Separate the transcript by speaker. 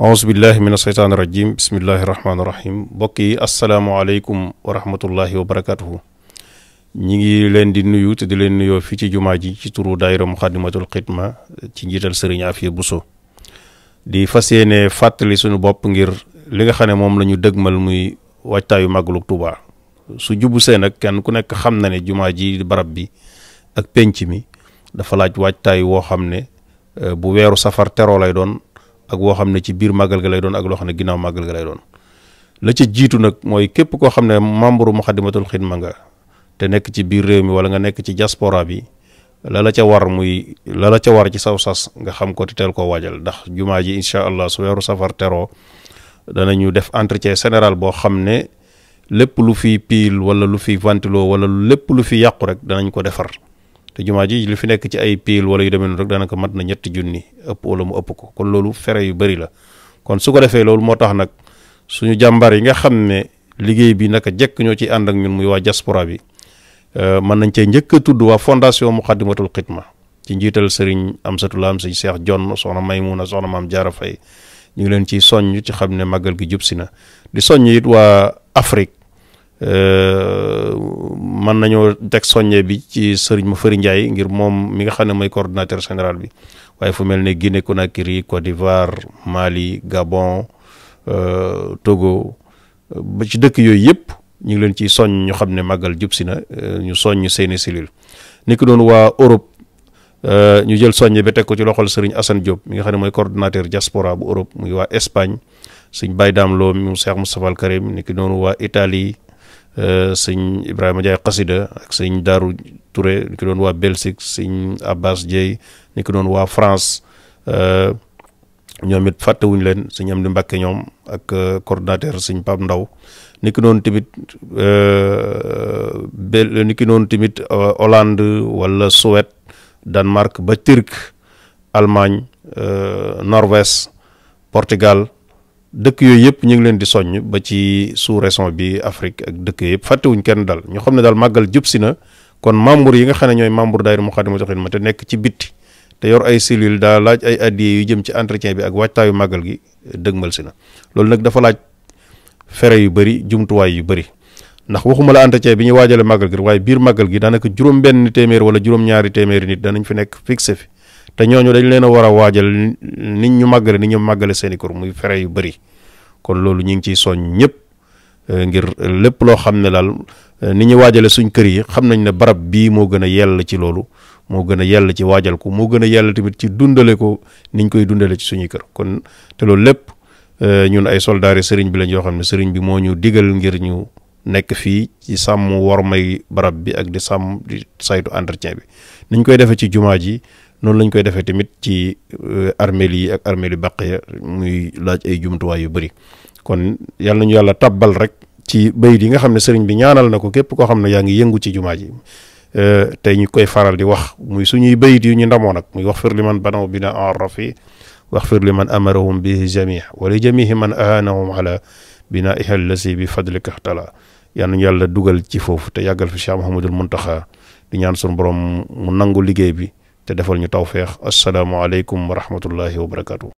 Speaker 1: aousubillahi min asheytaan irajim bismillahi rahmaani rahim mbokk yi asalaamaaleykum wa rahmatullahi wa barakatuhu ñi ngi leen di nuyu te di leen nuyoo fii ci jumaa ji ci turu daayira muxadimatul xidma ci njiital sëriñ Afia Buso di fas yéene fàttali suñu bopp ngir li nga xam ne moom lañu ñu dëgmal muy waajtaayu màggalu Tuubaa su jubu see nag kenn ku nekk xam na ne jumaa ji barab bi ak penc mi dafa laaj waajtaay woo xam ne eh, bu weeru safar teroo lay doon ak woo xam ne ci biir màggal ga lay doon ak loo xam ne ginnaaw màggal ga lay doon la ca jiitu nag mooy képp koo xam ne membre Moukhaddamatoul Khidma nga te nekk ci biir réew mi wala nga nekk ci jaspora bi la la ca war muy la la ca war ci saw sas nga xam ko te teel koo waajal ndax jumaa ji incha allah su weeru safar dana ñu def entretien général boo xam ne lépp lu fi piil wala lu fi ventilo wala lépp lu fi yàqu rek danañ ko defar te jumaa ji li fi nekk ci ay piil wala yu demee noonu rek daanaka mat na ñetti junni ëpp wala mu ëpp ko kon loolu fere yu bëri la kon su ko defee loolu moo tax nag suñu jàmbaar yi nga xam ne liggéey bi naka jekk ñoo ci ànd ak ñun muy waa diaspora bi euh, mën nañ cee njëkk tudd waa fondation mu Muqaddimatul ma ci njiital sëriñ Amsatulaam sëñ Seex Jonn na Maymuna soxna Maam Jaara Fay ñu ngi leen ciy soññ ci xam ne màggal gi jub si na di soññ it waa Afrique Euh, mën nañoo teg soññe bi ci sëriñ ma fëri Ndiaye ngir moom mi nga xam ne mooy coordonnateur général bi waaye fu mel ne Guinée Conakry Côte d'Ivoire Mali Gabon euh, Togo euh, ba ci dëkk yooyu yëpp ñu ngi leen ciy soññ ñu xam ne màggal jub si na ñu soññ seeni cellule ni doonu waa Europe ñu jël soññe ba teg ko ci loxol sëriñ Assane Diop mi nga xam ne mooy coordonnateur diaspora bu Europe muy waa Espagne sëñ Baye Dame Lo mu Cheikh Moustapha Al Karim ni ki waa itali Euh, sëñ Ibrahima Jaay Xasida ak sëñ Daaru Touré ni ko doon waa Belgique sëñ Abbas Dieye ni doon waa France euh, ñoom it fàttewuñu leen sëñ Amdi Mbàkke ñoom ak euh, coordonnateur sëñ Pape Ndaw ni ki noonu tamit bel ni ki noonu tamit Hollande wala Suède Danemark ba Turc Allemagne Norvège Portugal dëkk yooyu yëpp ñu ngi leen di soññ ba ci sous-région bi Afrique ak dëkk yëpp fàttewuñ kenn dal ñu xam ne daal màggal jub si na kon membre yi nga xam ne ñooy membre daayira Moukhaddamatoul Khidma te nekk ci bitti te yor ay cellule daa laaj ay addiye yu jëm ci entretien bi ak waajtaayu màggal gi dëgmal si na loolu nag dafa laaj fere yu bëri jumtuwaay yu bari ndax waxuma la entretien bi ñu waajale màggal gi biir màggal gi daanaka juróom benn téeméer wala juróom-ñaari téeméeri nit danañ fi nekk fixé fi te ñooñu dañ leen a war a waajal nit ñu màggale ni ñu màggale seen i kur muy fere yu bëri kon loolu ñu ngi ciy soññ ñëpp euh, ngir lépp loo xam ne daal euh, ni ñu waajale suñ kër yi xam nañ ne barab bii moo gën a yell ci loolu moo gën a yell ci waajal ko moo gën a yell tamit ci dundale ko niñ koy dundale ci suñuy kër kon te loolu lépp euh, ñun ay soldaari sëriñ bi lañ yoo xam ne sëriñ bi moo ñu digal ngir ñu nekk fii ci sàmm wormay barab bi ak di sàmm di saytu entretien bi niñ koy defee ci jumaa ji noonu lañ koy defee tamit ci euh, armeel yi ak armeel yu bàq ya muy laaj ay jumtuwaay yu bëri kon yal nañu yàlla tabbal rek ci bayit yi nga xam ne sëriñ bi ñaanal na ko képp koo xam ne yaa ngi yëngu ci jumaa ji euh, tey ñu koy faral di wax muy suñuy bayit yu ñu ndamoo nag muy wax fir li man banaw bina en rafi wax fir li man amarahum bi jamih wala jamihi man ahanahum ala bina ihallasi bi fadlika tala yal nañu yàlla dugal ci foofu te yàggal fi Cheikh Mouhamadul Muntaxa di ñaan suñu borom mu nangu liggéey bi te defal ñu tawféex asalaamaaleykum wa rahmatullahi wa barakaatu.